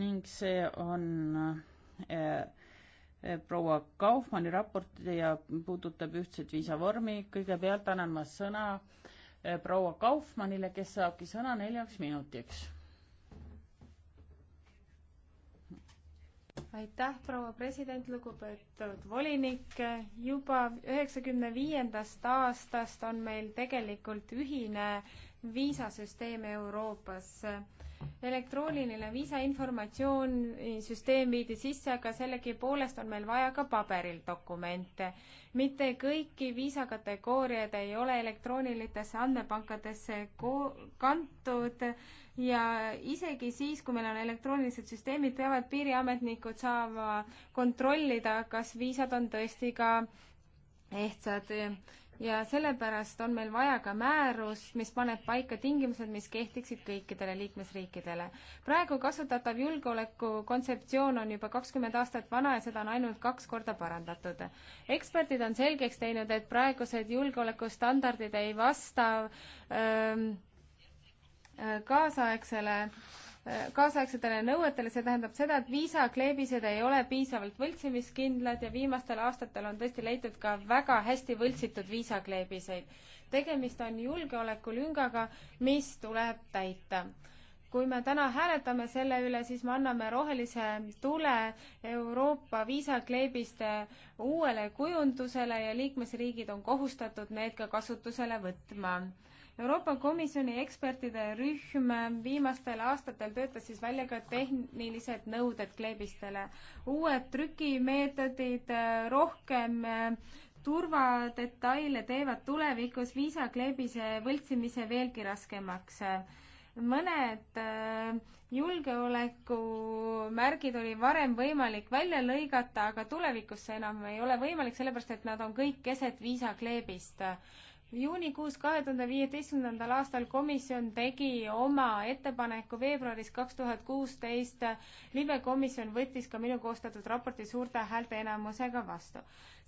ning see on äh, proua Kaufmanni raport ja puudutab ühtset viisavormi. kõigepealt annan ma sõna äh, proua Kaufmannile, kes saabki sõna neljaks minutiks. aitäh, proua president, lugupeetud volinik. juba üheksakümne viiendast aastast on meil tegelikult ühine viisasüsteem Euroopas elektrooniline viisainformatsioonisüsteem viidi sisse, aga sellegipoolest on meil vaja ka paberil dokumente. mitte kõiki viisakategooriaid ei ole elektroonilitesse andmepankadesse kantud ja isegi siis, kui meil on elektroonilised süsteemid, peavad piiriametnikud saama kontrollida, kas viisad on tõesti ka ehtsad ja sellepärast on meil vaja ka määrust, mis paneb paika tingimused, mis kehtiksid kõikidele liikmesriikidele. praegu kasutatav julgeolekukontseptsioon on juba kakskümmend aastat vana ja seda on ainult kaks korda parandatud. eksperdid on selgeks teinud, et praegused julgeolekustandardid ei vasta öö, ähm, äh, kaasaegsele kaasaegsetele nõuetele, see tähendab seda, et viisakleebised ei ole piisavalt võltsimiskindlad ja viimastel aastatel on tõesti leitud ka väga hästi võltsitud viisakleebiseid. tegemist on julgeolekulüngaga, mis tuleb täita. kui me täna hääletame selle üle, siis me anname rohelise tule Euroopa viisakleebiste uuele kujundusele ja liikmesriigid on kohustatud need ka kasutusele võtma Euroopa Komisjoni ekspertide rühm viimastel aastatel töötas siis välja ka tehnilised nõuded kleebistele. uued trükimeetodid, rohkem eh, turvadetaile teevad tulevikus viisakleebise võltsimise veelgi raskemaks mõned eh, julgeolekumärgid oli varem võimalik välja lõigata, aga tulevikus see enam ei ole võimalik, sellepärast et nad on kõik keset viisakleebist juunikuus kahe tuhande viieteistkümnendal aastal komisjon tegi oma ettepaneku veebruaris kaks tuhat kuusteist. libe komisjon võttis ka minu koostatud raporti suurte häälteenamusega vastu.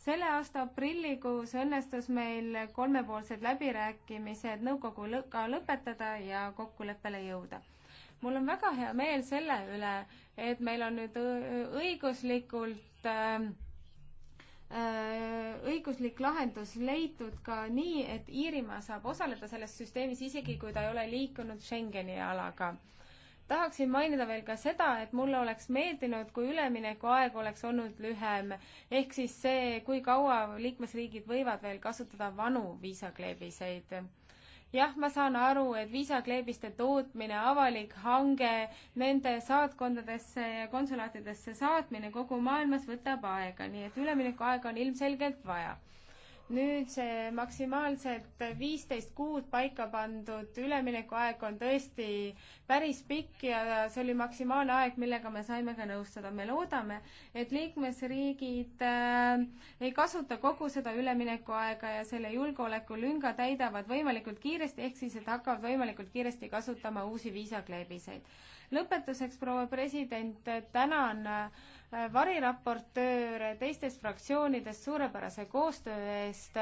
selle aasta aprillikuus õnnestus meil kolmepoolsed läbirääkimised nõukoguga lõpetada ja kokkuleppele jõuda mul on väga hea meel selle üle, et meil on nüüd õiguslikult äh, Äh, õiguslik lahendus leitud ka nii, et Iirimaa saab osaleda selles süsteemis, isegi kui ta ei ole liikunud Schengeni alaga. tahaksin mainida veel ka seda, et mulle oleks meeldinud, kui üleminekuaeg oleks olnud lühem, ehk siis see, kui kaua liikmesriigid võivad veel kasutada vanu viisakleebiseid jah, ma saan aru, et viisakleebiste tootmine, avalik hange, nende saatkondadesse ja konsulaatidesse saatmine kogu maailmas võtab aega, nii et üleminekuaega on ilmselgelt vaja nüüd see maksimaalselt viisteist kuud paika pandud üleminekuaeg on tõesti päris pikk ja see oli maksimaalne aeg, millega me saime ka nõustuda. me loodame, et liikmesriigid äh, ei kasuta kogu seda üleminekuaega ja selle julgeolekulünga täidavad võimalikult kiiresti, ehk siis, et hakkavad võimalikult kiiresti kasutama uusi viisakleebiseid. lõpetuseks, proua president, tänan äh, variraportööre teistest fraktsioonidest suurepärase koostöö eest.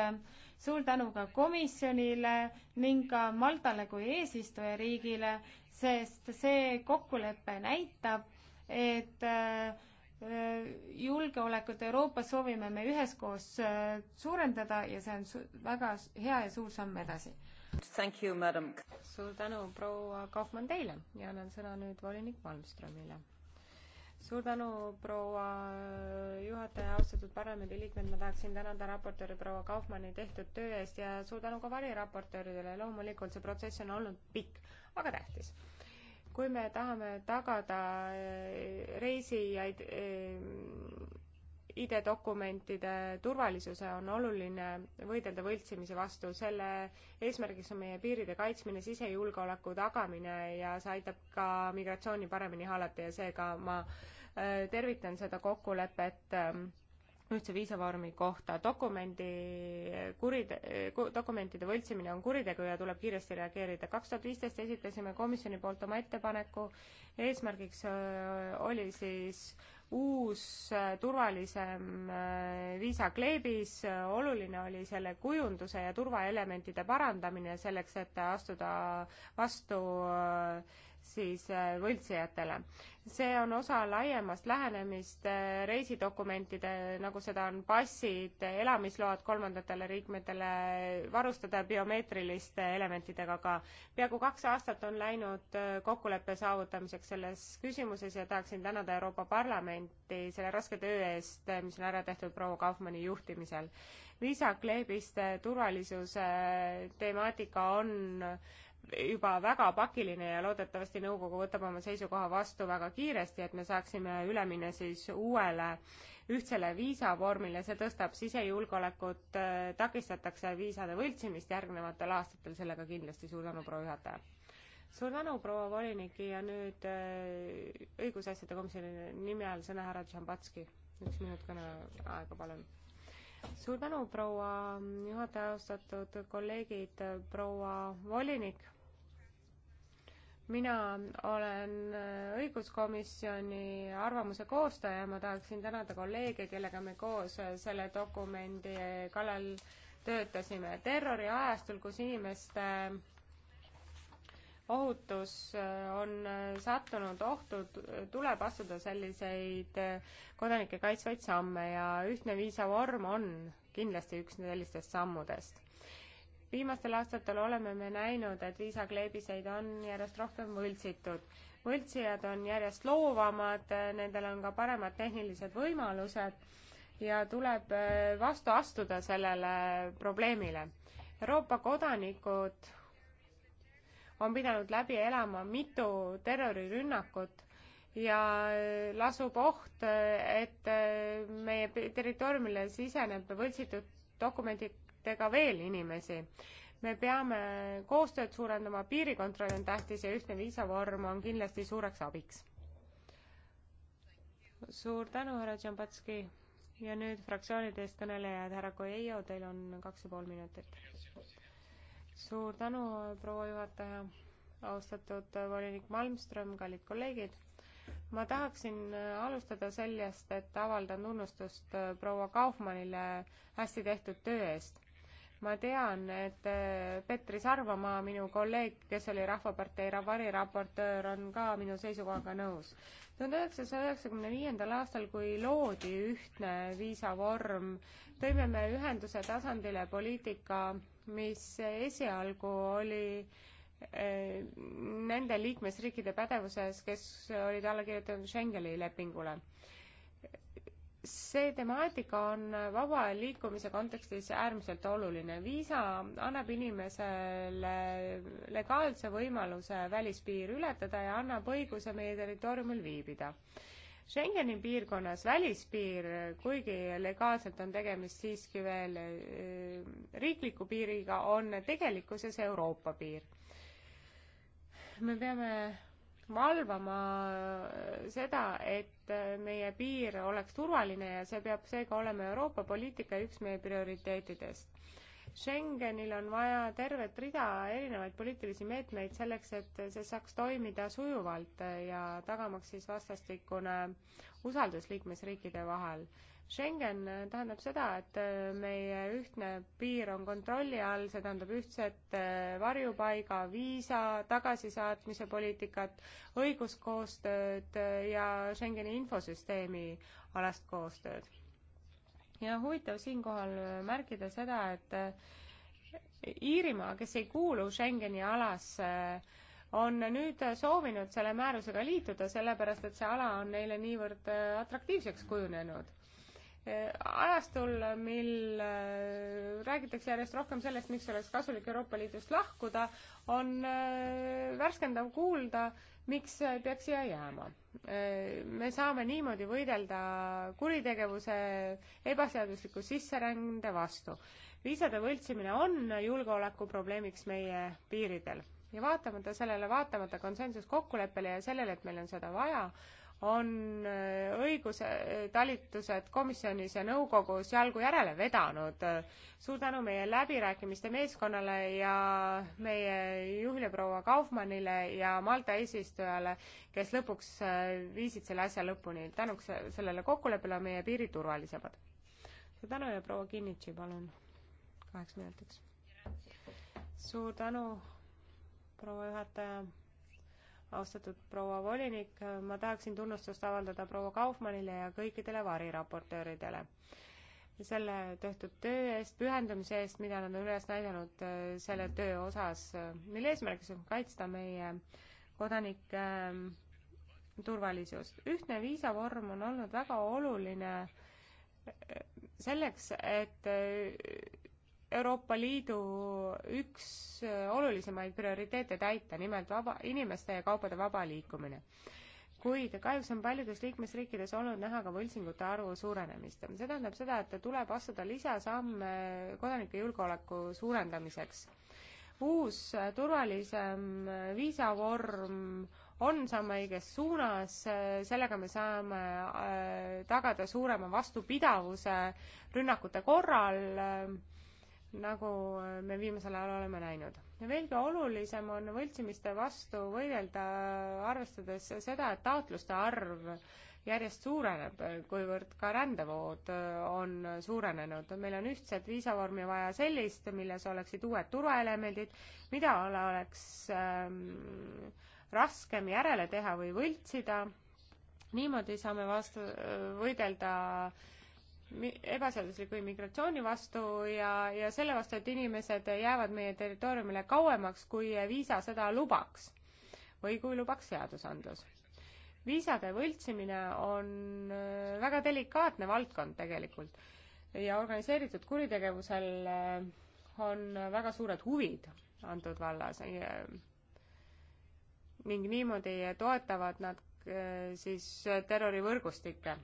suur tänu ka komisjonile ning ka Maltale kui eesistujariigile, sest see kokkulepe näitab, et äh, julgeolekut Euroopas soovime me üheskoos äh, suurendada ja see on väga hea ja suur samm edasi. suur tänu, proua Kaufmann teile ja annan sõna nüüd volinik Malmströmile suur tänu, proua juhataja, austatud parlamendiliikmed, ma tahaksin tänada raportööri proua Kaufmanni tehtud töö eest ja suur tänu ka variraportööridele, loomulikult see protsess on olnud pikk, aga tähtis. kui me tahame tagada eh, reisijaid eh, ID-dokumentide turvalisuse on oluline võidelda võltsimise vastu. selle eesmärgiks on meie piiride kaitsmine, sisejulgeoleku tagamine ja see aitab ka migratsiooni paremini hallata ja seega ma äh, tervitan seda kokkulepet ähm, ühtse viisavormi kohta. dokumendi äh, kurite-, äh, dokumentide võltsimine on kuritegu ja tuleb kiiresti reageerida. kaks tuhat viisteist esitasime komisjoni poolt oma ettepaneku, eesmärgiks oli siis uus äh, turvalisem äh, viisa kleebis, oluline oli selle kujunduse ja turvaelementide parandamine selleks, et astuda vastu äh, siis äh, võltsijatele. see on osa laiemast lähenemist äh, reisidokumentide, nagu seda on passid, elamisload kolmandatele riikmetele, varustada biomeetriliste elementidega ka. peaaegu kaks aastat on läinud äh, kokkuleppe saavutamiseks selles küsimuses ja tahaksin tänada Euroopa Parlamenti selle raske töö eest, mis on ära tehtud proua Kaufmanni juhtimisel. viisakleebiste turvalisuse temaatika on juba väga pakiline ja loodetavasti nõukogu võtab oma seisukoha vastu väga kiiresti, et me saaksime üle minna siis uuele ühtsele viisavormile, see tõstab sisejulgeolekut, takistatakse viisade võltsimist järgnevatel aastatel, sellega kindlasti suur tänu, proua juhataja. suur tänu, proua volinik ja nüüd äh, õigusasjade komisjoni nime all sõna härra Tšambatski. üks minut kõneaega, palun. suur tänu, proua juhataja juhataja, austatud kolleegid, proua volinik. mina olen õiguskomisjoni arvamuse koostaja ja ma tahaksin tänada kolleege, kellega me koos selle dokumendi kallal töötasime. terroriajastul, kus inimeste ohutus on sattunud ohtu, tuleb astuda selliseid kodanike kaitsvaid samme ja ühtne viisavorm on kindlasti üks sellistest sammudest. viimastel aastatel oleme me näinud, et viisakleebiseid on järjest rohkem võltsitud. võltsijad on järjest loovamad, nendel on ka paremad tehnilised võimalused ja tuleb äh, vastu astuda sellele probleemile. Euroopa kodanikud on pidanud läbi elama mitu terrorirünnakut ja lasub oht, et meie territooriumile siseneb võltsitud dokumentidega veel inimesi. me peame koostööd suurendama, piirikontroll on tähtis ja ühtne viisavorm on kindlasti suureks abiks. suur tänu, härra Džambatski ja nüüd fraktsioonide eest kõnelejad, härra Koiejo, teil on kaks ja pool minutit. suur tänu, proua juhataja, austatud volinik Malmström, kallid kolleegid ma tahaksin äh, alustada sellest, et avaldan tunnustust äh, proua Kaufmannile hästi tehtud töö eest. ma tean, et äh, Petri Sarvamaa, minu kolleeg, kes oli Rahvapartei variraportöör, on ka minu seisukohaga nõus. tuhande üheksasaja üheksakümne viiendal aastal, kui loodi ühtne viisavorm, tõime me ühenduse tasandile poliitika, mis esialgu oli äh, nende liikmesriikide pädevuses, kes olid alla kirjutanud Schengeni lepingule. see temaatika on vaba liikumise kontekstis äärmiselt oluline. viisa annab inimesele legaalse võimaluse välispiir ületada ja annab õiguse meie territooriumil viibida Schengeni piirkonnas välispiir, kuigi legaalselt on tegemist siiski veel eh, riikliku piiriga, on tegelikkuses Euroopa piir me peame valvama äh, seda, et äh, meie piir oleks turvaline ja see peab seega olema Euroopa poliitika üks meie prioriteetidest. Schengenil on vaja tervet rida erinevaid poliitilisi meetmeid selleks, et see saaks toimida sujuvalt ja tagamaks siis vastastikune usaldus liikmesriikide vahel Schengen tähendab seda, et äh, meie ühtne piir on kontrolli all, see tähendab ühtset äh, varjupaiga, viisa, tagasisaatmise poliitikat, õiguskoostööd äh, ja Schengeni infosüsteemi alast koostööd. ja huvitav siinkohal märkida seda, et Iirimaa, kes ei kuulu Schengeni alasse, on nüüd soovinud selle määrusega liituda, sellepärast et see ala on neile niivõrd atraktiivseks kujunenud ajastul, mil äh, räägitakse järjest rohkem sellest, miks oleks kasulik Euroopa Liidust lahkuda, on äh, värskendav kuulda, miks äh, peaks siia jääma. me saame niimoodi võidelda kuritegevuse ebaseadusliku sisserände vastu. viisade võltsimine on julgeolekuprobleemiks meie piiridel ja vaatamata sellele, vaatamata konsensuskokkuleppele ja sellele, et meil on seda vaja, on äh, õigustalitused äh, komisjonis ja nõukogus jalgu järele vedanud. suur tänu meie läbirääkimiste meeskonnale ja meie juhile proua Kaufmannile ja Malta eesistujale, kes lõpuks äh, viisid selle asja lõpuni. tänuks sellele kokkuleppele on meie piirid turvalisemad. suur tänu ja proua Kinnitši, palun kaheks minutiks. suur tänu, proua juhataja austatud proua volinik, ma tahaksin tunnustust avaldada proua Kaufmannile ja kõikidele variraportööridele selle tehtud töö eest, pühendumise eest, mida nad on üles näidanud äh, selle töö osas, äh, mille eesmärgiks on kaitsta meie kodanike ähm, turvalisust. ühtne viisavorm on olnud väga oluline äh, selleks, et Euroopa Liidu üks äh, olulisemaid prioriteete täita, nimelt vaba, inimeste ja kaupade vaba liikumine. kuid kahjuks on paljudes liikmesriikides olnud näha ka võltsingute arvu suurenemist. see tähendab seda, et tuleb astuda lisasamme kodanike julgeoleku suurendamiseks. uus äh, turvalisem äh, viisavorm on samm õiges suunas, sellega me saame tagada suurema vastupidavuse rünnakute korral nagu äh, me viimasel ajal oleme näinud. ja veelgi olulisem on võltsimiste vastu võidelda, arvestades seda, et taotluste arv järjest suureneb, kuivõrd ka rändevood äh, on suurenenud. meil on ühtset viisavormi vaja sellist, milles oleksid uued turvaelemendid, mida oleks ähm, raskem järele teha või võltsida. niimoodi saame vastu, äh, võidelda äh, ebaseadusliku immigratsiooni vastu ja, ja selle vastu, et inimesed jäävad meie territooriumile kauemaks, kui viisa seda lubaks või kui lubaks seadusandlus. viisade võltsimine on äh, väga delikaatne valdkond tegelikult ja organiseeritud kuritegevusel äh, on väga suured huvid antud vallas ning niimoodi toetavad nad äh, siis terrorivõrgustikke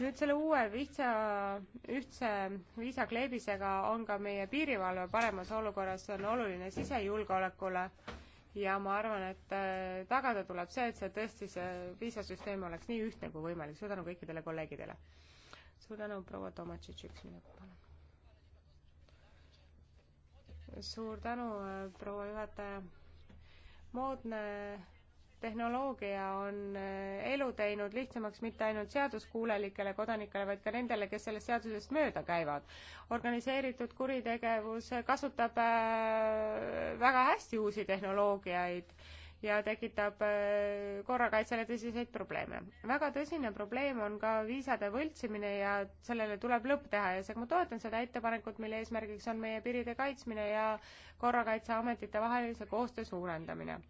nüüd selle uue lihtsa, ühtse viisakleebisega on ka meie piirivalve paremas olukorras, see on oluline sisejulgeolekule ja ma arvan, et äh, tagada tuleb see, et see tõesti, see viisasüsteem oleks nii ühtne kui võimalik. suur tänu kõikidele kolleegidele. suur tänu, proua Tomatšitš, üks minut, palun. suur tänu, äh, proua juhataja. moodne tehnoloogia on äh, elu teinud lihtsamaks mitte ainult seaduskuulelikele kodanikele, vaid ka nendele, kes sellest seadusest mööda käivad. organiseeritud kuritegevus kasutab äh, väga hästi uusi tehnoloogiaid ja tekitab äh, korrakaitsele tõsiseid probleeme. väga tõsine probleem on ka viisade võltsimine ja sellele tuleb lõpp teha ja seega ma toetan seda ettepanekut, mille eesmärgiks on meie piiride kaitsmine ja korrakaitseametite vahelise koostöö suurendamine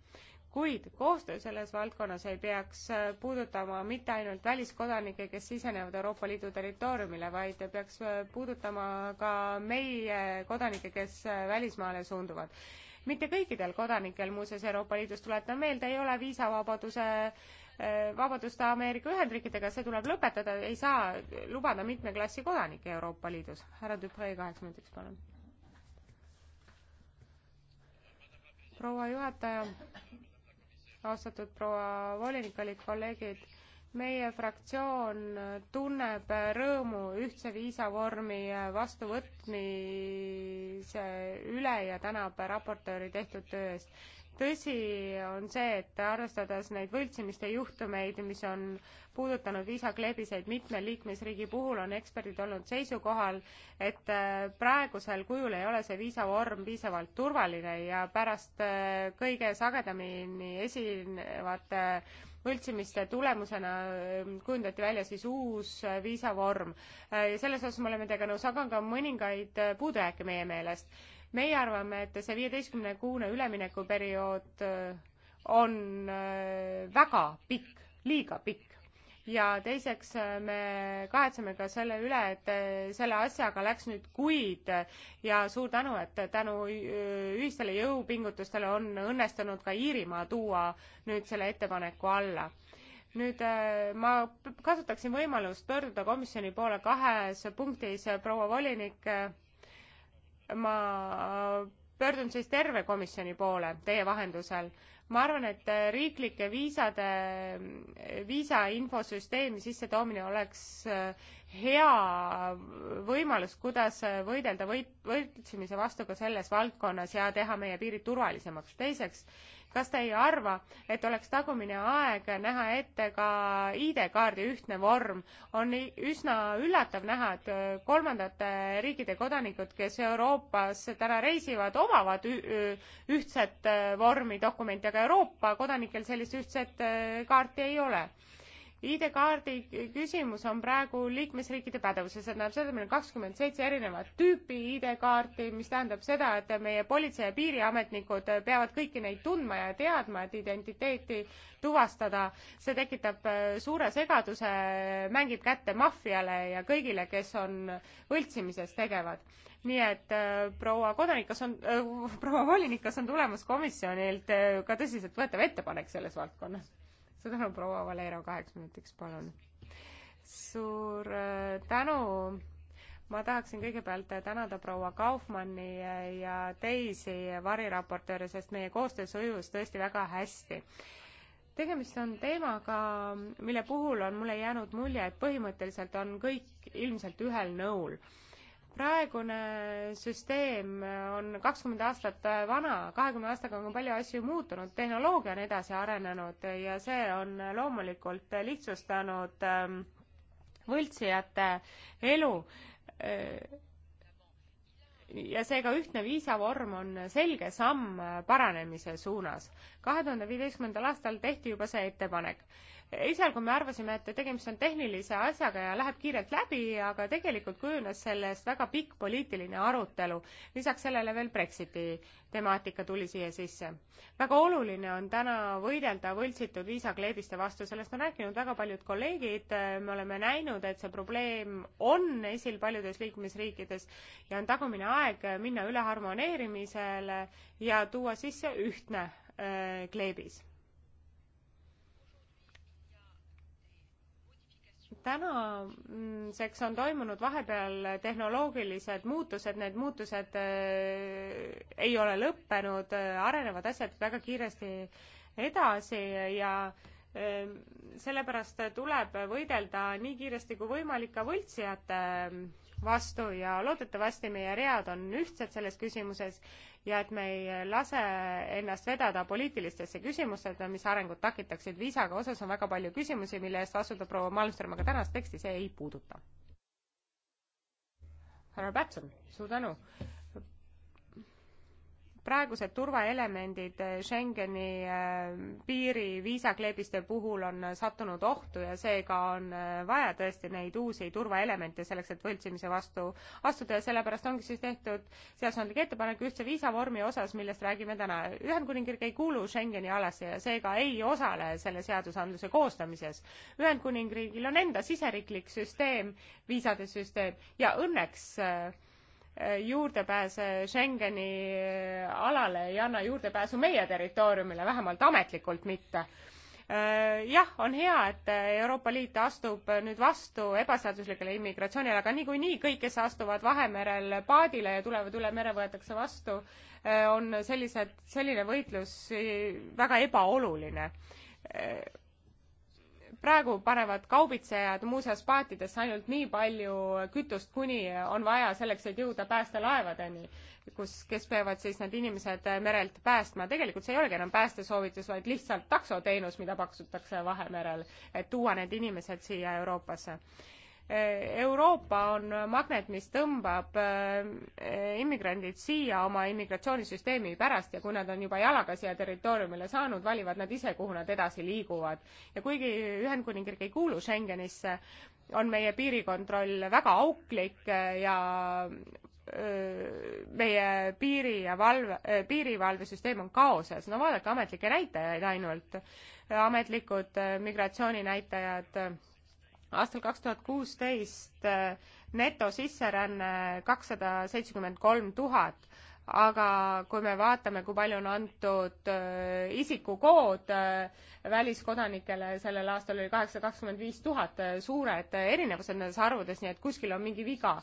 kuid koostöö selles valdkonnas ei peaks äh, puudutama mitte ainult väliskodanikke, kes sisenevad Euroopa Liidu territooriumile, vaid peaks äh, puudutama ka meie kodanikke, kes äh, välismaale suunduvad. mitte kõikidel kodanikel muuseas Euroopa Liidus, tuletan meelde, ei ole viisavabaduse vabadust Ameerika Ühendriikidega, see tuleb lõpetada, ei saa lubada mitme klassi kodanikke Euroopa Liidus. härra Dupree, kaheks minutiks, palun. proua juhataja austatud proua volinik, kallid kolleegid, meie fraktsioon tunneb rõõmu ühtse viisavormi vastuvõtmise üle ja tänab raportööri tehtud töö eest tõsi on see, et arvestades neid võltsimiste juhtumeid, mis on puudutanud viisakleebiseid mitme liikmesriigi puhul, on eksperdid olnud seisukohal, et äh, praegusel kujul ei ole see viisavorm piisavalt turvaline ja pärast äh, kõige sagedamini esinevate võltsimiste tulemusena ähm, kujundati välja siis uus äh, viisavorm. selles osas me oleme teiega nõus, aga on ka mõningaid puudujääke meie meelest meie arvame, et see viieteistkümne kuune üleminekuperiood äh, on äh, väga pikk, liiga pikk ja teiseks äh, me kahetseme ka selle üle, et selle asjaga läks nüüd kuid ja suur tänu, et tänu ühistele jõupingutustele on õnnestunud ka Iirimaa tuua nüüd selle ettepaneku alla nüüd ma kasutaksin võimalust pöörduda komisjoni poole kahes punktis, proua volinik ma pöördun siis terve komisjoni poole teie vahendusel. ma arvan, et riiklike viisade, viisa infosüsteemi sissetoomine oleks äh, hea võimalus, kuidas äh, võidelda võit-, võltsimise vastu ka selles valdkonnas ja teha meie piirid turvalisemaks. teiseks, kas te ei arva, et oleks tagumine aeg näha ette ka ID-kaardi ühtne vorm? on üsna üllatav näha, et äh, kolmandate riikide kodanikud, kes Euroopas täna reisivad, omavad ühtset äh, vormi dokumenti, aga Euroopa kodanikel sellist ühtset äh, kaarti ei ole ID-kaardi küsimus on praegu liikmesriikide pädevuses, see tähendab seda, et meil on kakskümmend seitse erinevat tüüpi ID-kaarti, mis tähendab seda, et meie politsei- ja piiriametnikud peavad kõiki neid tundma ja teadma, et identiteeti tuvastada. see tekitab äh, suure segaduse, mängib kätte maffiale ja kõigile, kes on võltsimises tegevad. nii et äh, proua kodanik, kas on, äh, proua volinik, kas on tulemas komisjonilt ka tõsiseltvõetav ettepanek selles valdkonnas? suur tänu, proua Valero, kaheks minutiks, palun. suur äh, tänu. ma tahaksin kõigepealt äh, tänada proua Kaufmanni äh, ja teisi variraportööre, sest meie koostöö sujus tõesti väga hästi tegemist on teemaga, mille puhul on mulle jäänud mulje, et põhimõtteliselt on kõik ilmselt ühel nõul praegune süsteem on kakskümmend aastat vana, kahekümne aastaga on palju asju muutunud, tehnoloogia on edasi arenenud ja see on loomulikult lihtsustanud ähm, võltsijate elu. Äh, ja seega ühtne viisavorm on selge samm paranemise suunas. kahe tuhande viieteistkümnendal aastal tehti juba see ettepanek esialgu me arvasime, et tegemist on tehnilise asjaga ja läheb kiirelt läbi, aga tegelikult kujunes sellest väga pikk poliitiline arutelu. lisaks sellele veel Brexiti temaatika tuli siia sisse. väga oluline on täna võidelda võltsitud viisakleebiste vastu, sellest on rääkinud väga paljud kolleegid, me oleme näinud, et see probleem on esil paljudes liikmesriikides ja on tagumine aeg minna üle harmoneerimisele ja tuua sisse ühtne öö, äh, kleebis tänaseks mm, on toimunud vahepeal tehnoloogilised muutused, need muutused äh, ei ole lõppenud, äh, arenevad asjad väga kiiresti edasi ja äh, sellepärast tuleb võidelda nii kiiresti kui võimalik ka võltsijate vastu ja loodetavasti meie read on ühtsed selles küsimuses ja et me ei lase ennast vedada poliitilistesse küsimustesse, mis arengut takitaksid. viisaga osas on väga palju küsimusi, mille eest vastutab proua Malmström, aga tänast teksti see ei puuduta. härra Pätson, suur tänu praegused turvaelemendid eh, Schengeni eh, piiri viisakleebiste puhul on sattunud ohtu ja seega on eh, vaja tõesti neid uusi turvaelemente selleks, et võltsimise vastu astuda ja sellepärast ongi siis tehtud seadusandlik ettepanek ühtse viisavormi osas, millest räägime täna. Ühendkuningriik ei kuulu Schengeni alasse ja seega ei osale selle seadusandluse koostamises. Ühendkuningriigil on enda siseriiklik süsteem, viisade süsteem ja õnneks juurdepääs eh, Schengeni eh, alale ei anna juurdepääsu meie territooriumile, vähemalt ametlikult mitte. Eh, jah, on hea, et Euroopa Liit astub nüüd vastu ebaseaduslikele immigratsioonile, aga niikuinii kõik, kes astuvad Vahemerel paadile ja tulevad üle mere, võetakse vastu, on sellised, selline võitlus väga ebaoluline praegu panevad kaubitsejad muuseas paatidesse ainult nii palju kütust, kuni on vaja selleks, et jõuda päästelaevadeni, kus, kes peavad siis need inimesed merelt päästma. tegelikult see ei olegi enam päästesoovitus, vaid lihtsalt taksoteenus, mida pakutakse Vahemerel, et tuua need inimesed siia Euroopasse Euroopa on magnet, mis tõmbab eh, immigrandid siia oma immigratsioonisüsteemi pärast ja kui nad on juba jalaga siia territooriumile saanud, valivad nad ise, kuhu nad edasi liiguvad. ja kuigi Ühendkuningriik ei kuulu Schengenisse, on meie piirikontroll väga auklik eh, ja eh, meie piiri ja valve, piirivalvesüsteem on kaoses. no vaadake ametlikke näitajaid ainult, ametlikud migratsiooninäitajad aastal kaks tuhat kuusteist äh, netosisseränne kakssada seitsekümmend kolm tuhat aga kui me vaatame, kui palju on antud äh, isikukood äh, väliskodanikele, sellel aastal oli kaheksasada kakskümmend viis tuhat, suured erinevused nendes arvudes, nii et kuskil on mingi viga.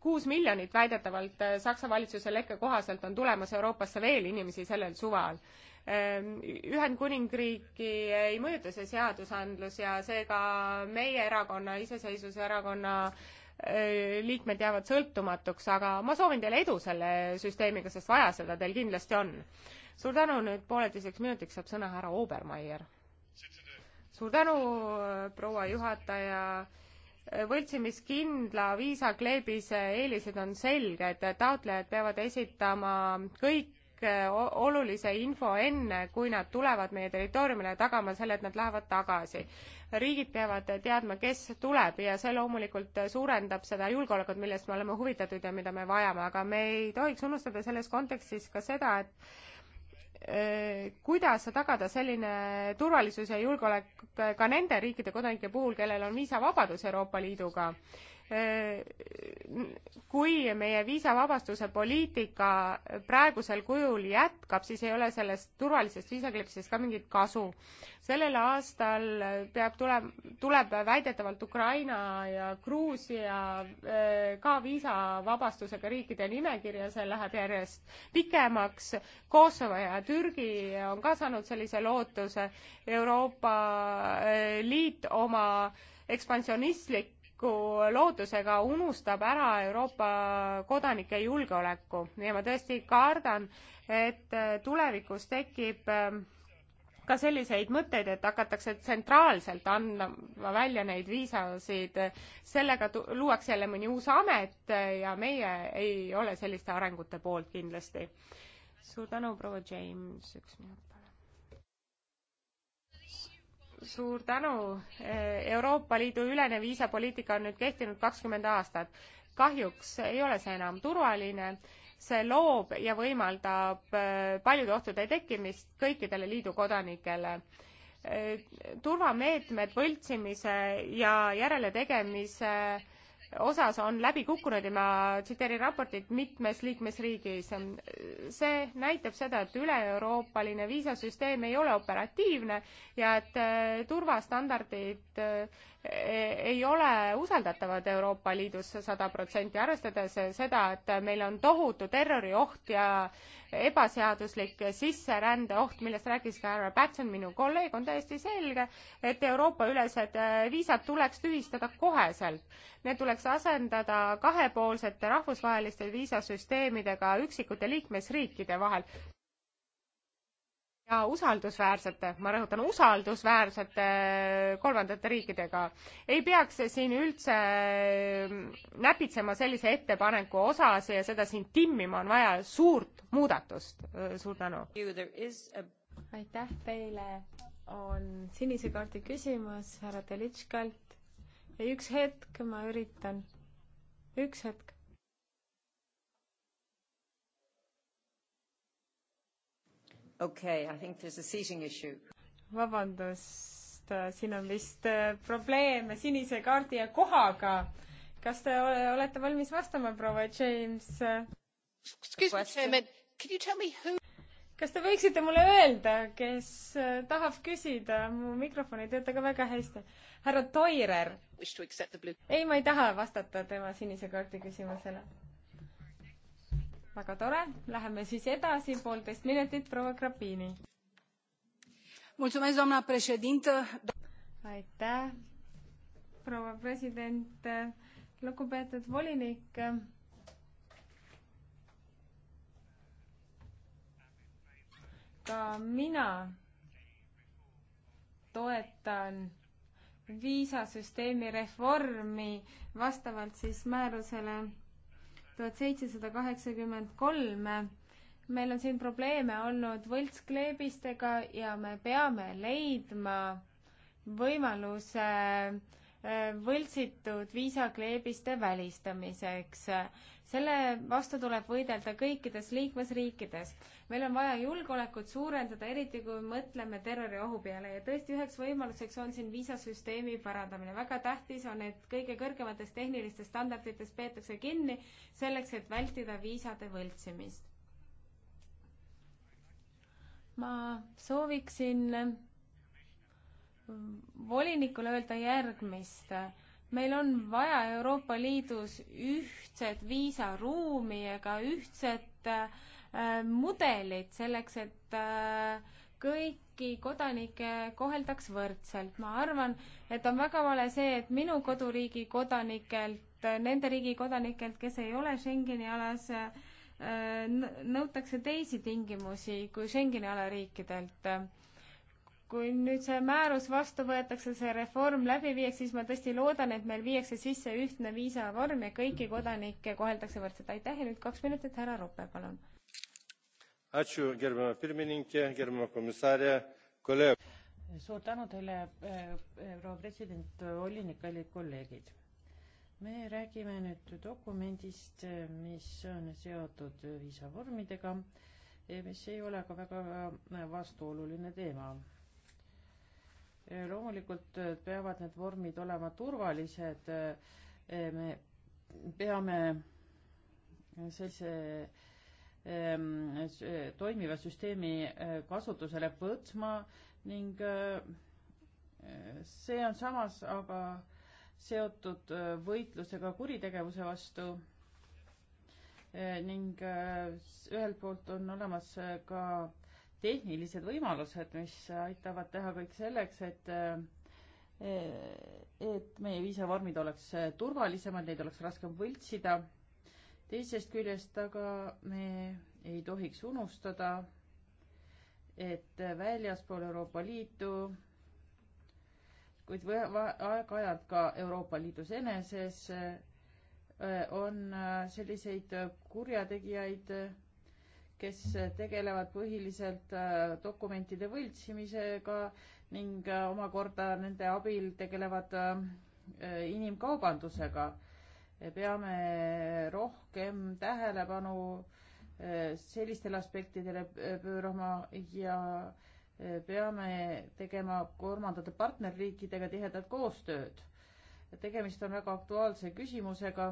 kuus miljonit väidetavalt Saksa valitsuse lekke kohaselt on tulemas Euroopasse veel inimesi sellel suvel Ehm, Ühendkuningriiki ei mõjuta see seadusandlus ja seega meie erakonna, Iseseisvuserakonna eh, liikmed jäävad sõltumatuks, aga ma soovin teile edu selle süsteemiga, sest vaja seda teil kindlasti on. suur tänu, nüüd pooleteiseks minutiks saab sõna härra Obermeier. suur tänu, eh, proua juhataja eh, võltsimiskindla viisakleebise eelised on selged, taotlejad peavad esitama kõik Äh, olulise info enne, kui nad tulevad meie territooriumile, tagama selle, et nad lähevad tagasi. riigid peavad teadma, kes tuleb ja see loomulikult suurendab seda julgeolekut, millest me oleme huvitatud ja mida me vajame, aga me ei tohiks unustada selles kontekstis ka seda, et öö, äh, kuidas tagada selline turvalisus ja julgeolek ka nende riikide kodanike puhul, kellel on viisavabadus Euroopa Liiduga kui meie viisavabastuse poliitika praegusel kujul jätkab, siis ei ole sellest turvalisest viisaklippsest ka mingit kasu. sellel aastal peab tulem-, tuleb väidetavalt Ukraina ja Gruusia eh, ka viisavabastusega riikide nimekirja, see läheb järjest pikemaks. Kosovo ja Türgi on ka saanud sellise lootuse. Euroopa eh, Liit oma ekspansionistlik tuleviku lootusega unustab ära Euroopa kodanike julgeoleku ja ma tõesti kardan, et äh, tulevikus tekib ähm, ka selliseid mõtteid, et hakatakse tsentraalselt andma välja neid viisasid, sellega luuakse jälle mõni uus amet ja meie ei ole selliste arengute poolt kindlasti. suur tänu, proua James, üks minut suur tänu. Eh, Euroopa Liidu ülene viisapoliitika on nüüd kehtinud kakskümmend aastat. kahjuks ei ole see enam turvaline, see loob ja võimaldab eh, paljude ohtude tekkimist kõikidele liidu kodanikele eh, turvameetmed võltsimise ja järeletegemise osas on läbi kukkunud ja ma tsiteerin raportit mitmes liikmesriigis. see näitab seda, et üle-euroopaline viisasüsteem ei ole operatiivne ja et äh, turvastandardid äh, Eh, ei ole usaldatavad Euroopa Liidus sada protsenti, arvestades seda, et meil on tohutu terrorioht ja ebaseaduslik sisserändeoht, millest rääkis ka härra Pätson, minu kolleeg, on täiesti selge, et Euroopa-ülesed eh, viisad tuleks tühistada koheselt. Need tuleks asendada kahepoolsete rahvusvaheliste viisasüsteemidega üksikute liikmesriikide vahel ja usaldusväärsete, ma rõhutan, usaldusväärsete kolmandate riikidega. ei peaks siin üldse mm, näpitsema sellise ettepaneku osas ja seda siin timmima, on vaja suurt muudatust. suur tänu. aitäh teile, on sinise kaardi küsimus härra Telitškalt ja üks hetk, ma üritan, üks hetk. okei okay,, I think there is a seating issue. vabandust, äh, siin on vist äh, probleeme sinise kaardi ja kohaga. kas te olete valmis vastama, proua James? kas te võiksite mulle öelda, kes äh, tahab küsida, mu mikrofon ei tööta ka väga hästi. härra Toirer. ei, ma ei taha vastata tema sinise kaardi küsimusele väga tore, läheme siis edasi, poolteist minutit, proua Grapini. aitäh, proua president, lugupeetud volinik. ka mina toetan viisasüsteemi reformi vastavalt siis määrusele tuhat seitsesada kaheksakümmend kolm. meil on siin probleeme olnud võltskleebistega ja me peame leidma võimaluse äh, võltsitud viisakleebiste välistamiseks. selle vastu tuleb võidelda kõikides liikmesriikides. meil on vaja julgeolekut suurendada, eriti kui mõtleme terroriohu peale ja tõesti üheks võimaluseks on siin viisasüsteemi parandamine. väga tähtis on, et kõige kõrgematest tehnilistest standarditest peetakse kinni selleks, et vältida viisade võltsimist. ma sooviksin volinikule öelda järgmist. meil on vaja Euroopa Liidus ühtset viisaruumi ja ka ühtset äh, mudelit selleks, et äh, kõiki kodanikke koheldaks võrdselt. ma arvan, et on väga vale see, et minu koduriigi kodanikelt, nende riigi kodanikelt, kes ei ole Schengeni alas, äh, nõutakse teisi tingimusi kui Schengeni ala riikidelt kui nüüd see määrus vastu võetakse, see reform läbi viiakse, siis ma tõesti loodan, et meil viiakse sisse ühtne viisavorm ja kõiki kodanikke koheldakse võrdselt. aitäh ja nüüd kaks minutit, härra Roppe, palun. suur tänu teile, eh, eh, proua president, volinik, kallid kolleegid. me räägime nüüd dokumendist, mis on seotud viisavormidega mis ei ole ka väga vastuoluline teema loomulikult äh, peavad need vormid olema turvalised, äh, äh, me peame sellise ähm, toimiva süsteemi kasutusele võtma ning see on samas aga seotud võitlusega kuritegevuse vastu ning ühelt poolt on olemas ka tehnilised võimalused, mis aitavad teha kõik selleks, et eh, et meie viisavormid oleks turvalisemad, neid oleks raskem võltsida. teisest küljest aga me ei tohiks unustada, et väljaspool Euroopa Liitu, kuid aeg-ajalt ka Euroopa Liidus eneses eh, on eh, selliseid kurjategijaid kes tegelevad põhiliselt äh, dokumentide võltsimisega ning äh, omakorda nende abil tegelevad äh, inimkaubandusega. peame rohkem tähelepanu sellistele aspektidele pöörama ja peame tegema kolmandate partnerriikidega tihedat koostööd. tegemist on väga aktuaalse küsimusega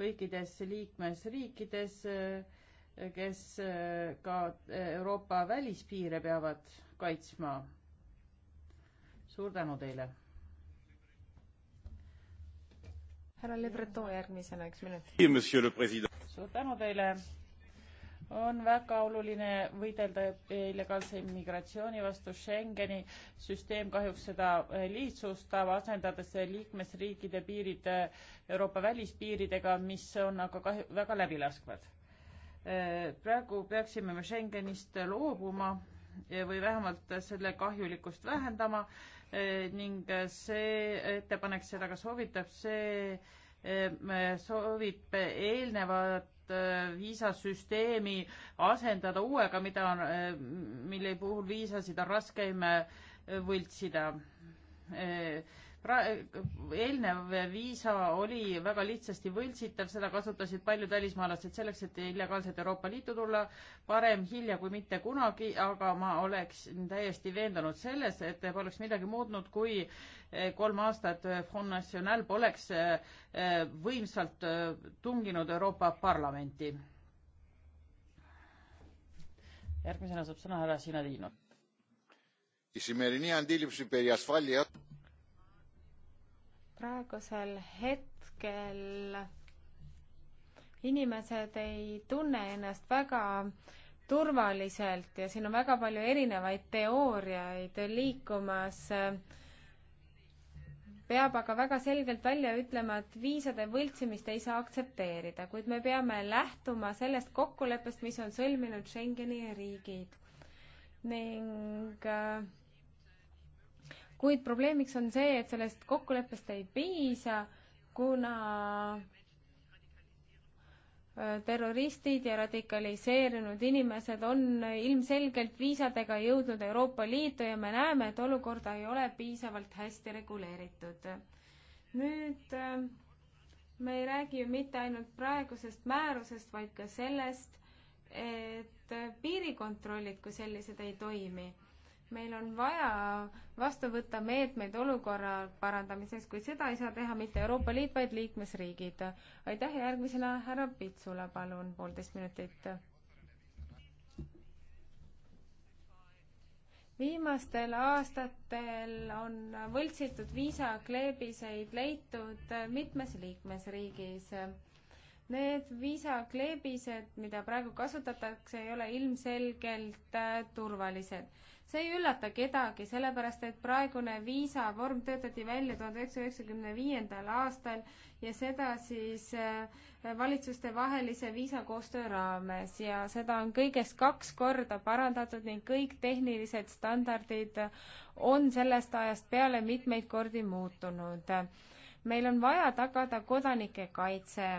kõikides liikmesriikides kes äh, ka äh, Euroopa välispiire peavad kaitsma. suur tänu teile. härra Le Breton järgmisena üks minut. suur tänu teile. on väga oluline võidelda illegaalse immigratsiooni vastu. Schengeni süsteem kahjuks seda äh, lihtsustab, asendades liikmesriikide piirid Euroopa välispiiridega, mis on aga kahju, väga läbilaskvad praegu peaksime me Schengenist loobuma või vähemalt selle kahjulikkust vähendama ning see ettepanek seda ka soovitab, see soovib eelnevat viisasüsteemi asendada uuega, mida on, mille puhul viisasid on raskem võltsida eelnev viisa oli väga lihtsasti võltsitav, seda kasutasid paljud välismaalased selleks, et illegaalselt Euroopa Liitu tulla, parem hilja kui mitte kunagi, aga ma oleksin täiesti veendunud selles, et poleks midagi muutnud, kui eh, kolm aastat eh, Front National poleks eh, võimsalt tunginud Euroopa Parlamenti. järgmisena saab sõna härra Sinadino. Η σημερινή αντίληψη περί ασφάλειας praegusel hetkel inimesed ei tunne ennast väga turvaliselt ja siin on väga palju erinevaid teooriaid liikumas. peab aga väga selgelt välja ütlema, et viisade võltsimist ei saa aktsepteerida, kuid me peame lähtuma sellest kokkuleppest, mis on sõlminud Schengeni riigid ning äh, kuid probleemiks on see, et sellest kokkuleppest ei piisa, kuna äh, terroristid ja radikaliseerunud inimesed on ilmselgelt viisadega jõudnud Euroopa Liitu ja me näeme, et olukorda ei ole piisavalt hästi reguleeritud. nüüd äh, me ei räägi ju mitte ainult praegusest määrusest, vaid ka sellest, et äh, piirikontrollid kui sellised ei toimi meil on vaja vastu võtta meetmeid olukorra parandamiseks, kuid seda ei saa teha mitte Euroopa Liit, vaid liikmesriigid. aitäh ja järgmisena härra Pitsula, palun, poolteist minutit. viimastel aastatel on võltsitud viisakleebiseid leitud mitmes liikmesriigis Need viisakleebised, mida praegu kasutatakse, ei ole ilmselgelt turvalised see ei üllata kedagi, sellepärast et praegune viisavorm töötati välja tuhande üheksasaja üheksakümne viiendal aastal ja seda siis äh, valitsustevahelise viisakoostöö raames ja seda on kõigest kaks korda parandatud ning kõik tehnilised standardid on sellest ajast peale mitmeid kordi muutunud. meil on vaja tagada kodanike kaitse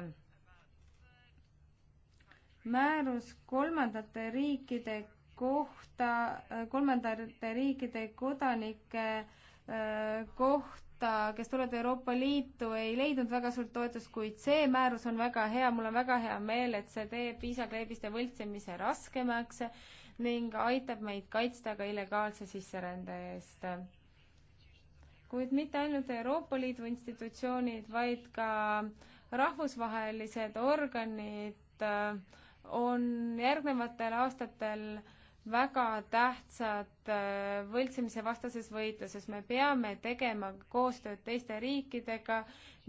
määrus kolmandate riikide kohta, äh, kolmandate riikide kodanike äh, kohta, kes tulevad Euroopa Liitu, ei leidnud väga suurt toetust, kuid see määrus on väga hea, mul on väga hea meel, et see teeb viisakleebiste võltsimise raskemaks ning aitab meid kaitsta ka illegaalse sisserände eest kuid mitte ainult Euroopa Liidu institutsioonid, vaid ka rahvusvahelised organid äh, on järgnevatel aastatel väga tähtsad äh, võltsimise vastases võitluses. me peame tegema koostööd teiste riikidega,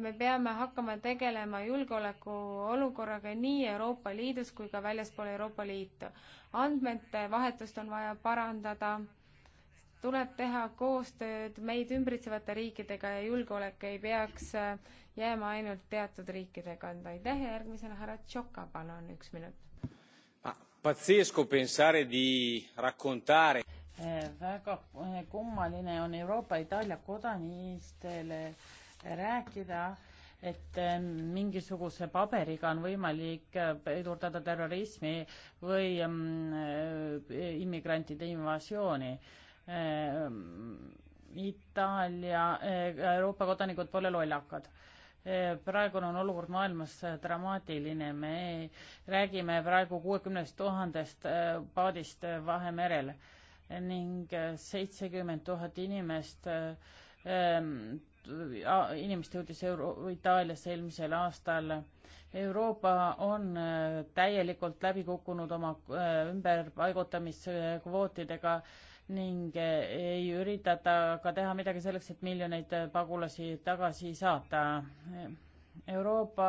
me peame hakkama tegelema julgeolekuolukorraga nii Euroopa Liidus kui ka väljaspool Euroopa Liitu. andmete vahetust on vaja parandada, tuleb teha koostööd meid ümbritsevate riikidega ja julgeolek ei peaks äh, jääma ainult teatud riikide kanda. aitäh ja järgmisena härra Tšoka, palun, üks minut pazzesco pensare di raccontare eh, väga eh, kummaline on Euroopa Itaalia kodanistele rääkida, et eh, mingisuguse paberiga on võimalik pidurdada terrorismi või mm, immigrantide invasiooni. Mm, Itaalia, Euroopa kodanikud pole lollakad Eh, praegune on olukord maailmas eh, dramaatiline, me räägime praegu kuuekümnest tuhandest eh, paadist Vahemerel ning seitsekümmend tuhat inimest inimest jõudis Euro-, Itaaliasse eelmisel aastal. Euroopa on täielikult läbi kukkunud oma ümberpaigutamiskvootidega ning eh, ei üritata ka teha midagi selleks, et miljoneid eh, pagulasi tagasi saata. Euroopa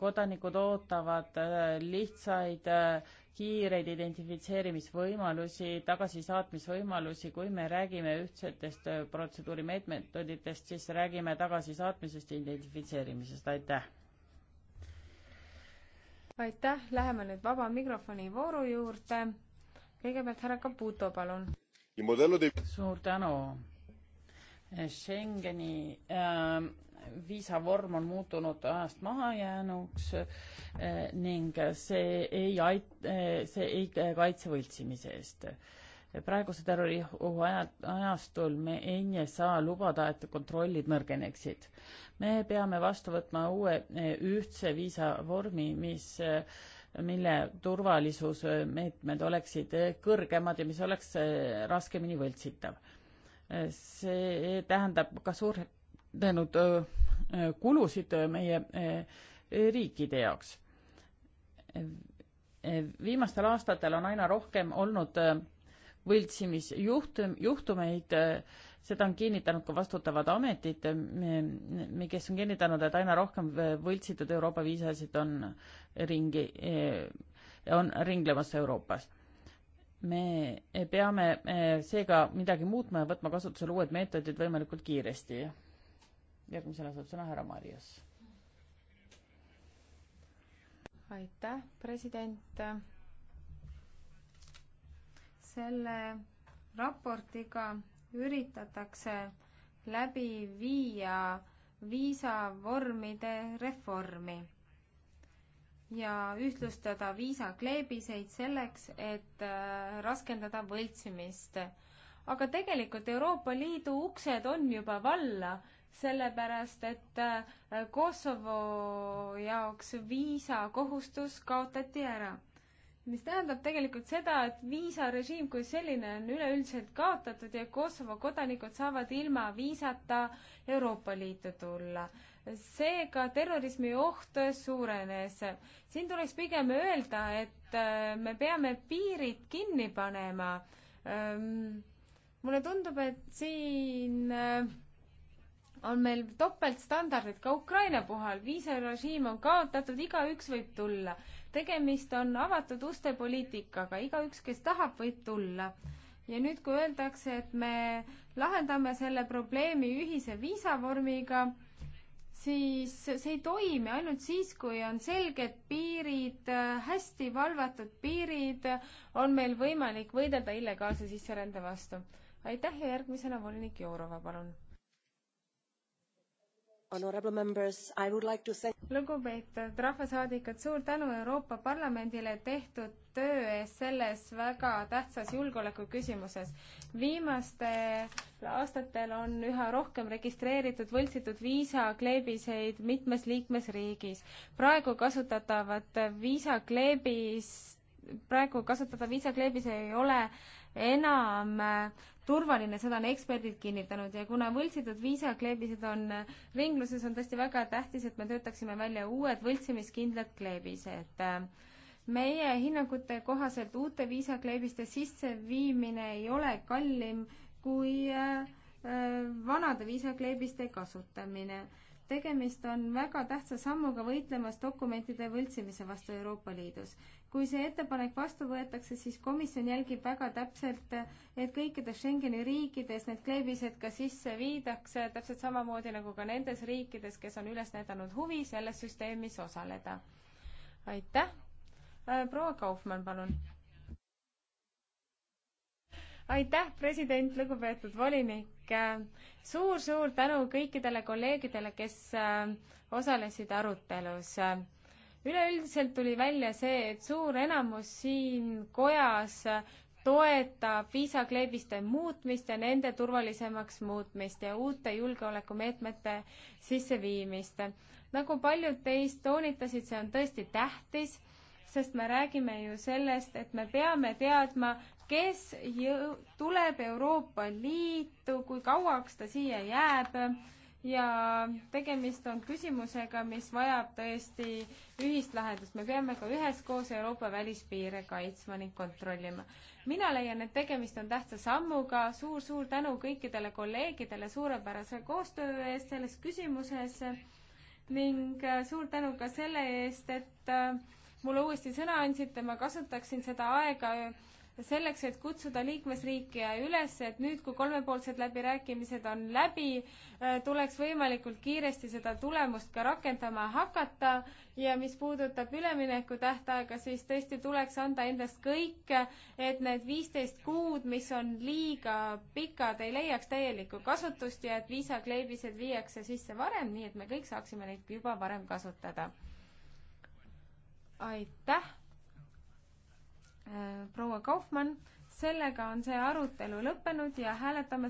kodanikud ootavad eh, lihtsaid, kiireid identifitseerimisvõimalusi, tagasisaatmisvõimalusi, kui me räägime ühtsetest protseduurimeetmetoditest, siis räägime tagasisaatmisest ja identifitseerimisest, aitäh! aitäh, läheme nüüd vaba mikrofoni vooru juurde kõigepealt härra Caputo, palun. suur tänu. Schengeni äh, viisavorm on muutunud ajast mahajäänuks äh, ning see ei ait- äh,, see ei kaitse võltsimise eest praeguse terroriohu ajastul me ei saa lubada, et kontrollid nõrgeneksid. me peame vastu võtma uue ühtse viisavormi, mis äh, mille turvalisusmeetmed oleksid kõrgemad ja mis oleks eh, raskemini võltsitav. Eh, see tähendab ka suurenenud eh, kulusid meie riikide jaoks. viimastel aastatel on aina rohkem olnud võltsimisjuhtum, juhtumeid seda on kinnitanud ka vastutavad ametid, kes on kinnitanud, et aina rohkem võltsitud Euroopa viisasid on ringi, on ringlemas Euroopas. me peame eh, seega midagi muutma ja võtma kasutusele uued meetodid võimalikult kiiresti. järgmisena saab sõna härra Marias. aitäh, president. selle raportiga üritatakse läbi viia viisavormide reformi ja ühtlustada viisakleebiseid selleks, et äh, raskendada võltsimist. aga tegelikult Euroopa Liidu uksed on juba valla, sellepärast et äh, Kosovo jaoks viisakohustus kaotati ära mis tähendab tegelikult seda, et viisarežiim kui selline on üleüldiselt kaotatud ja Kosovo kodanikud saavad ilma viisata Euroopa Liitu tulla. seega terrorismi oht suurenes. siin tuleks pigem öelda, et äh, me peame piirid kinni panema. mulle tundub, et siin äh, on meil topeltstandardid ka Ukraina puhul, viisarežiim on kaotatud, igaüks võib tulla tegemist on avatud uste poliitikaga, igaüks, kes tahab, võib tulla. ja nüüd, kui öeldakse, et me lahendame selle probleemi ühise viisavormiga, siis see ei toimi ainult siis, kui on selged piirid, hästi valvatud piirid, on meil võimalik võidelda illegaalse sisserände vastu. aitäh ja järgmisena volinik Jourova, palun lugupeetud rahvasaadikud, suur tänu Euroopa Parlamendile tehtud töö eest selles väga tähtsas julgeolekuküsimuses. viimastel aastatel on üha rohkem registreeritud võltsitud viisakleebiseid mitmes liikmesriigis. praegu kasutatavad viisakleebis, praegu kasutatav viisakleebis ei ole äh, enam äh, turvaline, seda on eksperdid kinnitanud ja kuna võltsitud viisakleebised on äh, ringluses, on tõesti väga tähtis, et me töötaksime välja uued võltsimiskindlad kleebised meie hinnangute kohaselt uute viisakleebiste sisseviimine ei ole kallim kui äh, vanade viisakleebiste kasutamine. tegemist on väga tähtsa sammuga võitlemas dokumentide võltsimise vastu Euroopa Liidus kui see ettepanek vastu võetakse, siis komisjon jälgib väga täpselt, et kõikides Schengeni riikides need kleebised ka sisse viidakse, täpselt samamoodi nagu ka nendes riikides, kes on üles näidanud huvi selles süsteemis osaleda. aitäh. Äh, proua Kaufmann, palun. aitäh, president, lugupeetud volinik suur,. Äh, suur-suur tänu kõikidele kolleegidele, kes äh, osalesid arutelus üleüldiselt tuli välja see, et suur enamus siin kojas toetab viisakleebiste muutmist ja nende turvalisemaks muutmist ja uute julgeolekumeetmete sisseviimist. nagu paljud teist toonitasid, see on tõesti tähtis, sest me räägime ju sellest, et me peame teadma, kes jõu-, tuleb Euroopa Liitu, kui kauaks ta siia jääb ja tegemist on küsimusega, mis vajab tõesti ühist lahendust. me peame ka üheskoos Euroopa välispiire kaitsma ning kontrollima. mina leian, et tegemist on tähtsa sammuga suur,. suur-suur tänu kõikidele kolleegidele suurepärase koostöö eest selles küsimuses ning äh, suur tänu ka selle eest, et äh, mulle uuesti sõna andsite, ma kasutaksin seda aega selleks, et kutsuda liikmesriike üles, et nüüd, kui kolmepoolsed läbirääkimised on läbi, äh, tuleks võimalikult kiiresti seda tulemust ka rakendama hakata ja mis puudutab ülemineku tähtaega, siis tõesti tuleks anda endast kõik, et need viisteist kuud, mis on liiga pikad, ei leiaks täielikku kasutust ja et viisakleebised viiakse sisse varem, nii et me kõik saaksime neid juba varem kasutada. aitäh Äh, proua Kaufmann, sellega on see arutelu lõppenud ja hääletame